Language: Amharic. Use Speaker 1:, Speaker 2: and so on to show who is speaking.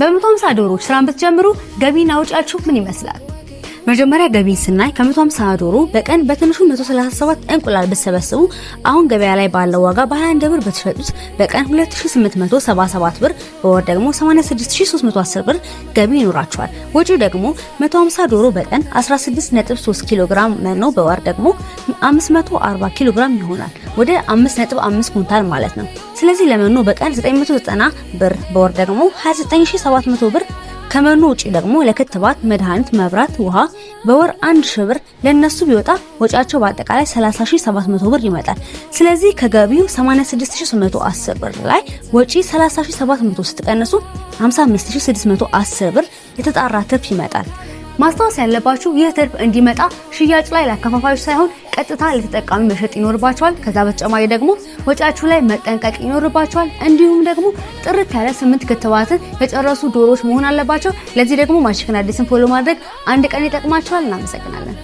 Speaker 1: በ ሃምሳ ዶሮዎች ስራን ብትጀምሩ ገቢና ወጪያችሁ ምን ይመስላል? መጀመሪያ ገቢን ስናይ ከ150 ዶሮ በቀን በትንሹ 137 እንቁላል ብትሰበስቡ አሁን ገበያ ላይ ባለው ዋጋ በ21 ብር በተሸጡት በቀን 2877 ብር በወር ደግሞ 86310 ብር ገቢ ይኖራቸዋል። ወጪው ደግሞ 150 ዶሮ በቀን 163 ኪሎ ግራም መኖ በወር ደግሞ 540 ኪሎ ግራም ይሆናል። ወደ 5.5 ኩንታል ማለት ነው። ስለዚህ ለመኖ በቀን 990 ብር በወር ደግሞ 29700 ብር ከመኖ ውጪ ደግሞ ለክትባት፣ መድኃኒት፣ መብራት፣ ውሃ በወር 1000 ብር ለነሱ ቢወጣ ወጪያቸው በአጠቃላይ 30700 ብር ይመጣል። ስለዚህ ከገቢው 86810 ብር ላይ ወጪ 30700 ስትቀንሱ 55610 ብር የተጣራ ትርፍ ይመጣል። ማስታወስ ያለባችሁ ይህ ትርፍ እንዲመጣ ሽያጭ ላይ ለአከፋፋዮች ሳይሆን ቀጥታ ለተጠቃሚ መሸጥ ይኖርባቸዋል። ከዛ በተጨማሪ ደግሞ ወጪያችሁ ላይ መጠንቀቅ ይኖርባቸዋል። እንዲሁም ደግሞ ጥርት ያለ ስምንት ክትባትን የጨረሱ ዶሮዎች መሆን አለባቸው። ለዚህ ደግሞ ማሽከን አዲስን ፎሎ ማድረግ አንድ ቀን ይጠቅማቸዋል። እናመሰግናለን።